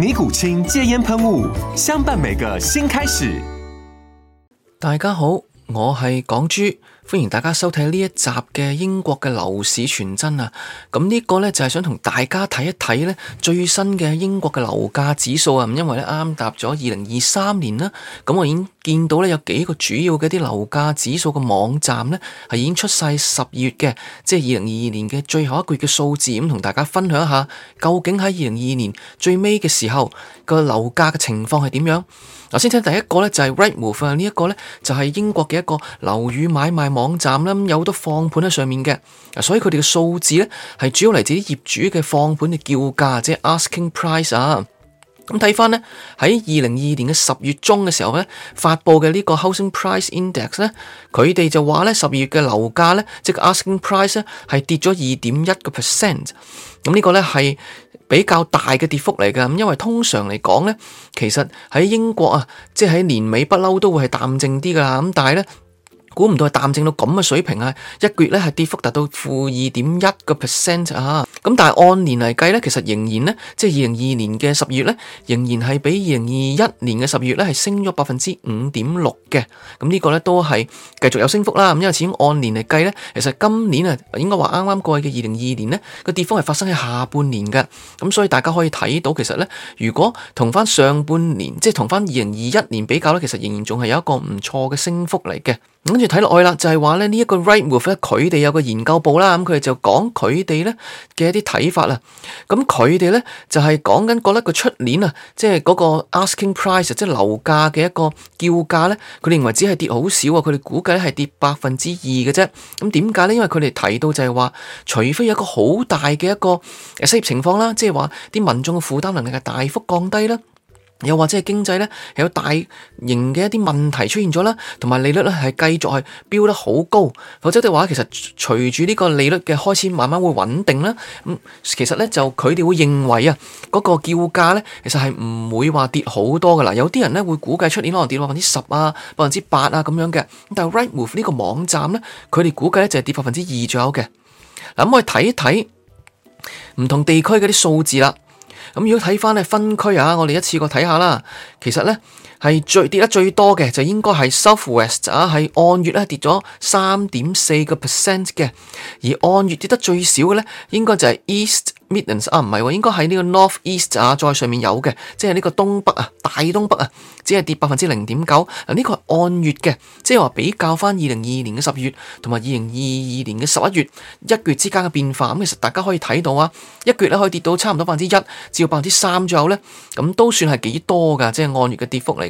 尼古清戒煙噴霧，相伴每個新開始。大家好，我係港珠，歡迎大家收睇呢一集嘅英國嘅樓市傳真啊！咁、這、呢個咧就係想同大家睇一睇咧最新嘅英國嘅樓價指數啊！咁因為咧啱踏咗二零二三年啦，咁我已經。見到咧有幾個主要嘅啲樓價指數嘅網站咧，係已經出晒十二月嘅，即係二零二二年嘅最後一個月嘅數字，咁同大家分享一下，究竟喺二零二二年最尾嘅時候個樓價嘅情況係點樣？嗱，先睇第一個咧就係 Rightmove 呢一個咧，就係英國嘅一個樓宇買賣網站啦，咁有好多放盤喺上面嘅，所以佢哋嘅數字咧係主要嚟自啲業主嘅放盤嘅叫價，即係 asking price 啊。咁睇翻咧，喺二零二年嘅十月中嘅時候咧，發布嘅呢個 housing price index 咧，佢哋就話咧十二月嘅樓價咧，即係 asking price 咧，係跌咗二點一個 percent。咁呢個咧係比較大嘅跌幅嚟嘅。咁因為通常嚟講咧，其實喺英國啊，即係喺年尾不嬲都會係淡靜啲噶啦。咁但係咧。估唔到係淡靜到咁嘅水平啊！一個月咧係跌幅達到負二點一個 percent 啊！咁但係按年嚟計咧，其實仍然咧，即係二零二二年嘅十月咧，仍然係比二零二一年嘅十月咧係升咗百分之五點六嘅。咁呢個咧都係繼續有升幅啦。咁因為始終按年嚟計咧，其實今年啊應該話啱啱過去嘅二零二二年咧個跌幅係發生喺下半年嘅。咁所以大家可以睇到，其實咧如果同翻上半年，即係同翻二零二一年比較咧，其實仍然仲係有一個唔錯嘅升幅嚟嘅。跟住睇落去啦，就係話咧呢一個 Rightmove 咧，佢哋有個研究部啦，咁佢哋就講佢哋咧嘅一啲睇法啦。咁佢哋咧就係講緊覺得個出年啊，即係嗰個 asking price，即係樓價嘅一個叫價咧，佢哋認為只係跌好少啊，佢哋估計係跌百分之二嘅啫。咁點解咧？因為佢哋提到就係話，除非有一個好大嘅一個誒失業情況啦，即係話啲民眾嘅負擔能力係大幅降低啦。又或者係經濟咧，係有大型嘅一啲問題出現咗啦，同埋利率咧係繼續係飆得好高，否則的話其實隨住呢個利率嘅開始慢慢會穩定啦。咁其實咧就佢哋會認為啊，嗰個叫價咧其實係唔會話跌好多噶啦。有啲人咧會估計出年可能跌到百分之十啊、百分之八啊咁樣嘅，但係 Rightmove 呢個網站咧，佢哋估計咧就係跌百分之二左右嘅。嗱咁我哋睇一睇唔同地區嗰啲數字啦。咁如果睇返呢分區啊，我哋一次過睇下啦。其實呢。係最跌得最多嘅就應該係 Southwest 啊，係按月咧跌咗三點四個 percent 嘅。而按月跌得最少嘅咧，應該就係 East Midlands 啊，唔係、哦，應該喺呢個 Northeast 啊，再上面有嘅，即係呢個東北啊，大東北啊，只係跌百分之零點九。嗱，呢個係按月嘅，即係話比較翻二零二二年嘅十月同埋二零二二年嘅十一月一月之間嘅變化。咁其實大家可以睇到啊，一月咧可以跌到差唔多百分之一至到百分之三左右咧，咁都算係幾多噶，即係按月嘅跌幅嚟。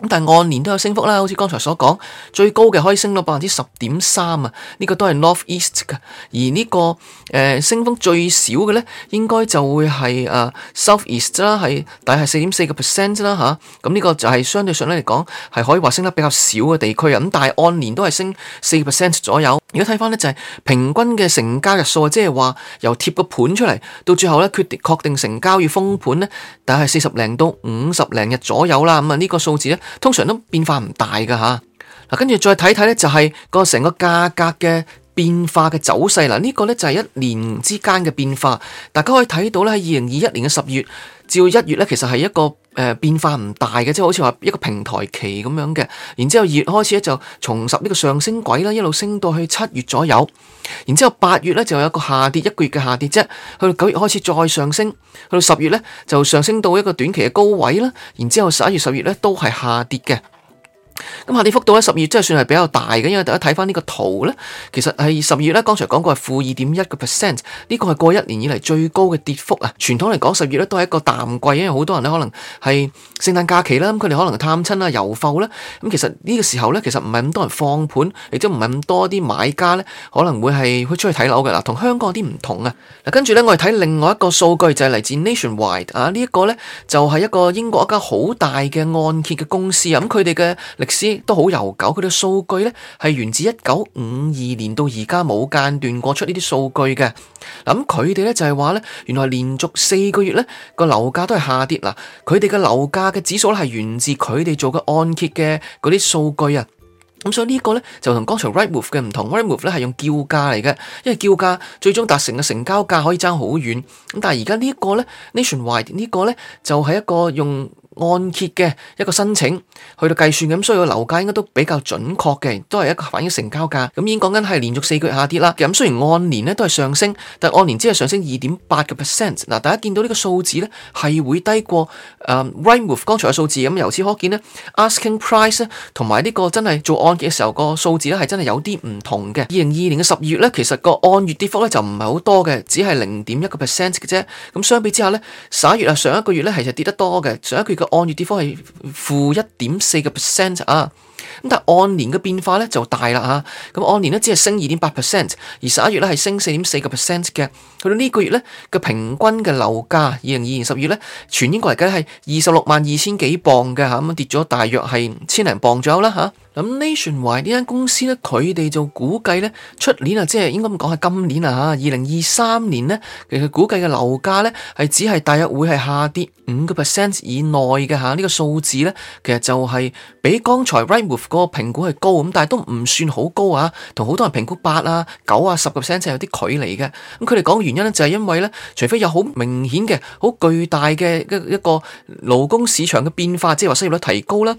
咁但係按年都有升幅啦，好似剛才所講，最高嘅可以升到百分之十點三啊，呢個都係 North East 噶。而、這個呃、呢個誒升幅最少嘅咧，應該就會係誒 South East 啦，係大概係四點四個 percent 啦吓。咁、啊、呢、這個就係相對上嚟講，係可以話升得比較少嘅地區啊。咁但係按年都係升四 percent 左右。而家睇翻咧就係、是、平均嘅成交日數啊，即係話由貼個盤出嚟到最後咧決定確定成交與封盤咧，但係四十零到五十零日左右啦。咁啊呢個數字咧。通常都變化唔大㗎。嗱，跟住再睇睇咧，就係個成個價格嘅變化嘅走勢啦呢，呢個咧就係一年之間嘅變化，大家可以睇到咧，喺二零二一年嘅十月。至一月咧，其實係一個誒、呃、變化唔大嘅，即係好似話一個平台期咁樣嘅。然之後二月開始咧，就重拾呢個上升軌啦，一路升到去七月左右。然之後八月咧就有一個下跌，一個月嘅下跌啫。去到九月開始再上升，去到十月咧就上升到一個短期嘅高位啦。然之後十一月、十月咧都係下跌嘅。咁下跌幅度喺十二月真係算係比較大嘅，因為大家睇翻呢個圖咧，其實係十二月咧，剛才講過係負二點一個 percent，呢個係過一年以嚟最高嘅跌幅啊！傳統嚟講，十二月咧都係一個淡季，因為好多人咧可能係聖誕假期啦，咁佢哋可能探親啊、遊埠啦。咁其實呢個時候咧，其實唔係咁多人放盤，亦都唔係咁多啲買家咧，可能會係去出去睇樓嘅啦。同香港啲唔同啊！嗱，跟住咧，我哋睇另外一個數據就係、是、嚟自 Nationwide 啊，這個、呢一個咧就係、是、一個英國一家好大嘅按揭嘅公司，咁佢哋嘅。都好悠久，佢哋嘅數據咧係源自一九五二年到而家冇間斷過出呢啲數據嘅。嗱，咁佢哋咧就係話咧，原來連續四個月咧個樓價都係下跌。嗱，佢哋嘅樓價嘅指數咧係源自佢哋做嘅按揭嘅嗰啲數據啊。咁所以個呢個咧就同剛才 Right Move 嘅唔同，Right Move 咧係用叫價嚟嘅，因為叫價最終達成嘅成交價可以爭好遠。咁但係而家呢個咧 Nationwide 呢個咧就係一個用按揭嘅一個申請去到計算咁，所以個樓價應該都比較準確嘅，都係一個反映成交價。咁已經講緊係連續四個月下跌啦。咁雖然按年咧都係上升，但按年只係上升二點八個 percent。嗱，大家見到呢個數字咧係會低過誒 Rightmove 剛才嘅數字，咁由此可見呢 asking price 咧同埋呢個真係做按揭嘅時候個數字咧係真係有啲唔同嘅。二零二二年嘅十二月咧，其實個按月跌幅咧就唔係好多嘅，只係零點一個 percent 嘅啫。咁相比之下咧，十一月啊，上一個月咧其實跌得多嘅，上一個月嘅。按月跌幅係負一點四個 percent 啊！咁但按年嘅變化咧就大啦嚇，咁按年咧只係升二點八 percent，而十一月咧係升四點四個 percent 嘅。去到呢個月咧嘅平均嘅樓價，二零二年十月咧，全英國嚟計係二十六萬二千幾磅嘅嚇，咁跌咗大約係千零磅左右啦嚇。咁 Nationwide 呢間公司咧，佢哋就估計咧，出年啊，即係應該咁講係今年啊嚇，二零二三年咧，其實估計嘅樓價咧係只係大約會係下跌五個 percent 以內嘅嚇，呢個數字咧其實就係比剛才個評估係高咁，但係都唔算好高啊，同好多人評估八啊、九啊、十個 percent 係有啲距離嘅。咁佢哋講嘅原因咧，就係因為咧，除非有好明顯嘅、好巨大嘅一一個勞工市場嘅變化，即係話失業率提高啦。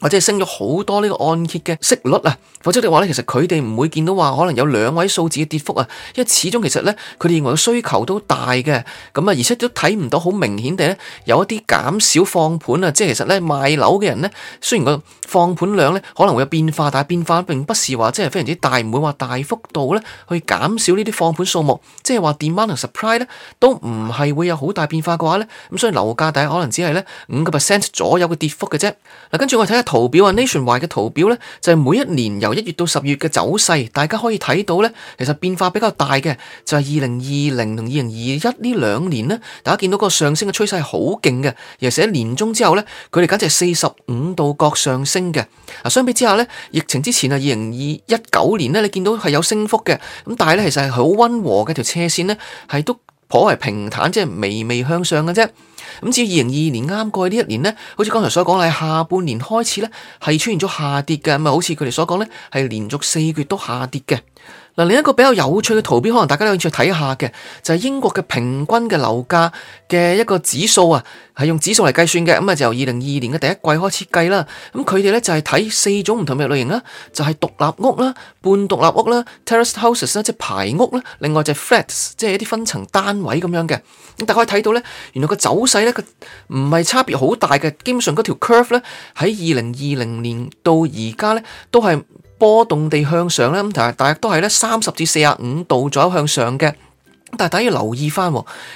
或者升咗好多呢個按揭嘅息率啊，否則的話呢，其實佢哋唔會見到話可能有兩位數字嘅跌幅啊，因為始終其實呢，佢哋認為需求都大嘅，咁啊，而且都睇唔到好明顯地呢，有一啲減少放盤啊，即係其實呢，賣樓嘅人呢，雖然個放盤量呢可能會有變化，但係變化並不是話即係非常之大，唔會話大幅度呢去減少呢啲放盤數目，即係話 demand 同 supply 呢都唔係會有好大變化嘅話呢，咁所以樓價大概可能只係呢五個 percent 左右嘅跌幅嘅啫。嗱，跟住我睇下。圖表啊，Nationwide 嘅圖表咧，就係每一年由一月到十月嘅走勢，大家可以睇到咧，其實變化比較大嘅就係二零二零同二零二一呢兩年咧，大家見到個上升嘅趨勢係好勁嘅，尤其是喺年中之後咧，佢哋簡直係四十五度角上升嘅。啊，相比之下咧，疫情之前啊，二零二一九年咧，你見到係有升幅嘅，咁但係咧，其實係好溫和嘅條車線咧，係都頗為平坦，即係微微向上嘅啫。咁至於二零二二年啱過去呢一年呢好似剛才所講啦，下半年開始呢係出現咗下跌嘅，咪好似佢哋所講呢係連續四個月都下跌嘅。嗱，另一個比較有趣嘅圖表，可能大家都有興趣睇下嘅，就係、是、英國嘅平均嘅樓價嘅一個指數啊，係用指數嚟計算嘅。咁啊，由二零二二年嘅第一季開始計啦。咁佢哋咧就係睇四種唔同嘅類型啦，就係、是、獨立屋啦、半獨立屋啦、terrace houses 啦，即係排屋啦，另外就係 flats，即係一啲分層單位咁樣嘅。咁大家可以睇到咧，原來個走勢咧，佢唔係差別好大嘅，基本上嗰條 curve 咧，喺二零二零年到而家咧都係，波動地向上咧，咁同埋，大約都係咧三十至四十五度左右向上嘅。但係大家要留意翻，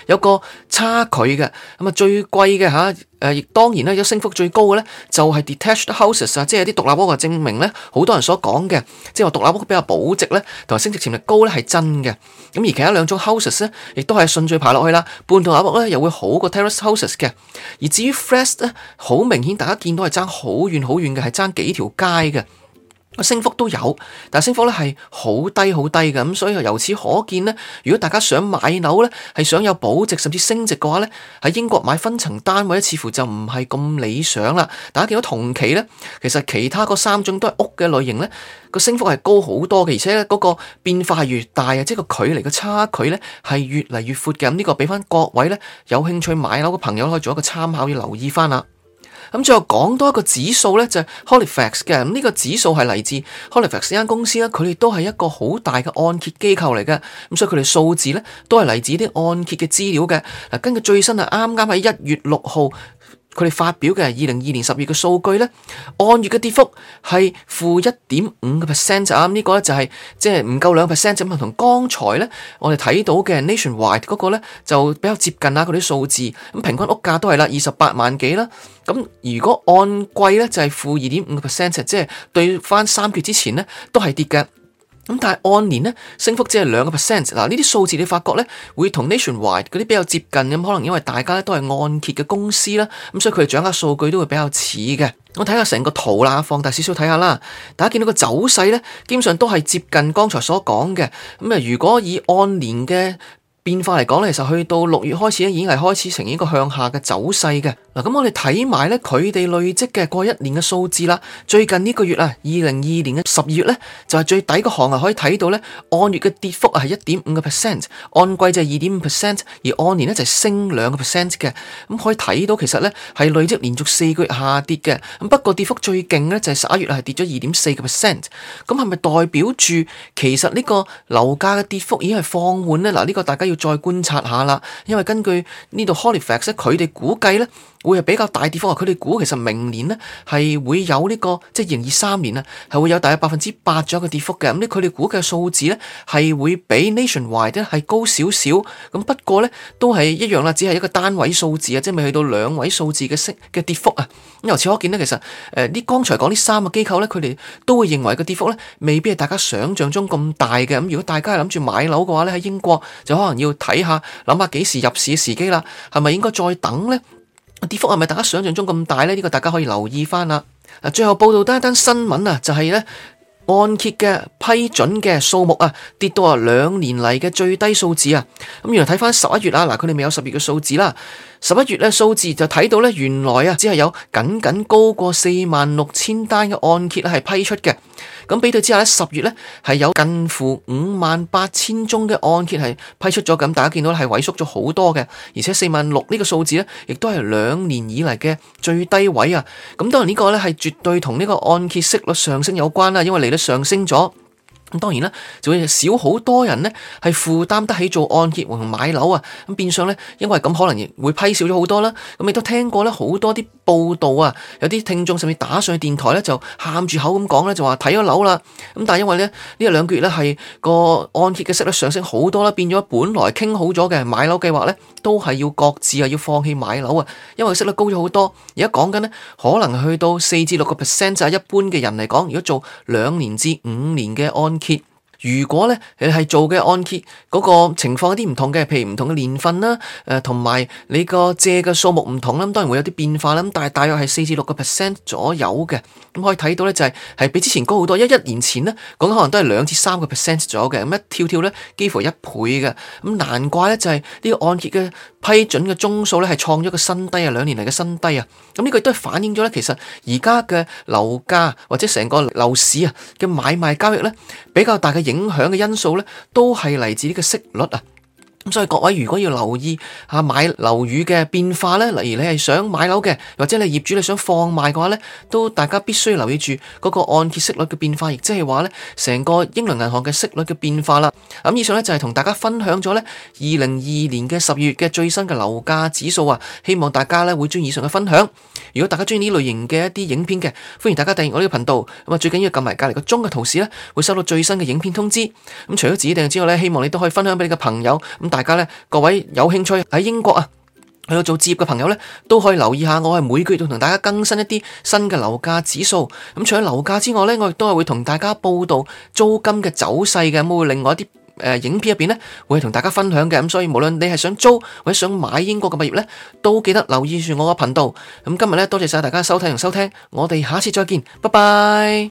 有個差距嘅。咁啊，最貴嘅嚇，亦當然呢，有升幅最高嘅咧，就係 detached houses 啊，即係啲獨立屋嘅證明咧，好多人所講嘅，即係話獨立屋比較保值咧，同埋升值潛力高咧，係真嘅。咁而其他兩種 houses 咧，亦都係順序排落去啦。半獨立屋咧，又會好過 terrace houses 嘅。而至於 flat 咧，好明顯，大家見到係爭好遠好遠嘅，係爭幾條街嘅。升幅都有，但升幅咧係好低好低嘅，咁所以由此可見咧，如果大家想買樓咧，係想有保值甚至升值嘅話咧，喺英國買分層單位似乎就唔係咁理想啦。大家見到同期咧，其實其他嗰三種都係屋嘅類型咧，個升幅係高好多嘅，而且咧嗰個變化越大啊，即係個距離嘅差距咧係越嚟越闊嘅。咁呢個俾翻各位咧有興趣買樓嘅朋友，可以做一個參考，要留意翻啦。咁最後講多一個指數咧，就係、Halifax 嘅。咁呢個指數係嚟自 Halifax 呢間公司啦，佢哋都係一個好大嘅按揭機構嚟嘅，咁所以佢哋數字咧都係嚟自啲按揭嘅資料嘅嗱，根據最新啊，啱啱喺一月六號。佢哋發表嘅二零二二年十月嘅數據呢，按月嘅跌幅係負一點五個 percent 啊，呢個呢就係即係唔夠兩 percent。咁同剛才呢，我哋睇到嘅 Nationwide 嗰個呢，就比較接近喇，佢啲數字。咁平均屋價都係啦，二十八萬幾啦。咁如果按季呢，就係負二點五個 percent，即係對返三月之前呢，都係跌嘅。咁但係按年咧升幅只係兩個 percent，嗱呢啲數字你發覺咧會同 Nationwide 嗰啲比較接近，咁可能因為大家咧都係按揭嘅公司啦，咁所以佢哋掌握數據都會比較似嘅。我睇下成個圖啦，放大少少睇下啦，大家見到個走勢咧基本上都係接近剛才所講嘅，咁啊如果以按年嘅。變化嚟講，其實去到六月開始咧，已經係開始呈現一個向下嘅走勢嘅。嗱，咁我哋睇埋咧佢哋累積嘅過一年嘅數字啦。最近呢個月啊，二零二二年嘅十二月咧，就係最底個行啊，可以睇到咧按月嘅跌幅啊係一點五個 percent，按季就係二點五 percent，而按年咧就係升兩個 percent 嘅。咁可以睇到其實咧係累積連續四個月下跌嘅。咁不過跌幅最勁咧就係十一月係跌咗二點四個 percent。咁係咪代表住其實呢個樓價嘅跌幅已經係放緩咧？嗱，呢個大家要。要再觀察下啦，因為根據呢度 Halifax 佢哋估計呢，會係比較大跌幅。佢哋估其實明年呢係會有呢、呢個即係二三年啊，係會有大約百分之八左右嘅跌幅嘅。咁呢，佢哋估計數字呢係會比 Nationwide 係高少少。咁不過呢都係一樣啦，只係一個單位數字啊，即係未去到兩位數字嘅嘅跌幅啊。由此可見呢，其實誒啲剛才講呢三個機構呢，佢哋都會認為個跌幅呢未必係大家想象中咁大嘅。咁如果大家諗住買樓嘅話呢，喺英國就可能。要睇下諗下幾時入市嘅時機啦，係咪應該再等呢？跌幅係咪大家想象中咁大呢？呢個大家可以留意翻啦。嗱，最後報道得一單新聞啊，就係呢按揭嘅批准嘅數目啊，跌到啊兩年嚟嘅最低數字啊。咁原來睇翻十一月啊，嗱，佢哋未有十月嘅數字啦。十一月嘅數字就睇到咧，原來啊只係有僅僅高過四萬六千單嘅按揭係批出嘅，咁比對之下咧，十月咧係有近乎五萬八千宗嘅按揭係批出咗，咁大家見到係萎縮咗好多嘅，而且四萬六呢個數字咧，亦都係兩年以嚟嘅最低位啊，咁當然呢個咧係絕對同呢個按揭息率上升有關啦，因為利率上升咗。咁當然啦，就會少好多人呢係負擔得起做按揭同埋買樓啊！咁變相呢，因為咁可能亦會批少咗好多啦。咁亦都聽過呢好多啲報道啊，有啲聽眾甚至打上電台呢就喊住口咁講呢，就話睇咗樓啦。咁但係因為呢呢兩個月呢係個按揭嘅息率上升好多啦，變咗本來傾好咗嘅買樓計劃呢都係要各自啊要放棄買樓啊，因為息率高咗好多。而家講緊呢，可能去到四至六個 percent 就係一般嘅人嚟講，如果做兩年至五年嘅按。如果咧，你係做嘅按揭嗰個情況有啲唔同嘅，譬如唔同嘅年份啦，誒，同埋你個借嘅數目唔同啦，咁當然會有啲變化啦。咁但係大約係四至六個 percent 左右嘅，咁可以睇到咧就係係比之前高好多。一一年前咧，講可能都係兩至三個 percent 左右嘅，咁一跳跳咧幾乎一倍嘅，咁難怪咧就係呢個按揭嘅。批准嘅宗數咧係創咗個新低啊，兩年嚟嘅新低啊，咁呢個亦都係反映咗咧，其實而家嘅樓價或者成個樓市啊嘅買賣交易咧比較大嘅影響嘅因素咧，都係嚟自呢個息率啊。咁所以各位如果要留意下買樓宇嘅變化咧，例如你係想買樓嘅，或者你業主你想放賣嘅話咧，都大家必須留意住嗰個按揭息率嘅變化，亦即係話咧，成個英倫銀行嘅息率嘅變化啦。咁以上咧就係同大家分享咗咧二零二二年嘅十二月嘅最新嘅樓價指數啊，希望大家咧會中意以上嘅分享。如果大家中意呢類型嘅一啲影片嘅，歡迎大家訂閱我呢個頻道。咁啊，最緊要撳埋隔籬個鐘嘅圖示咧，會收到最新嘅影片通知。咁除咗指定之外咧，希望你都可以分享俾你嘅朋友大家呢，各位有興趣喺英國啊，喺度做置業嘅朋友呢，都可以留意下。我係每個月都同大家更新一啲新嘅樓價指數。咁除咗樓價之外呢，我亦都係會同大家報道租金嘅走勢嘅。咁會另外一啲、呃、影片入面呢，會同大家分享嘅。咁所以無論你係想租或者想買英國嘅物業呢，都記得留意住我嘅頻道。咁今日呢，多謝晒大家收睇同收聽，我哋下次再見，拜拜。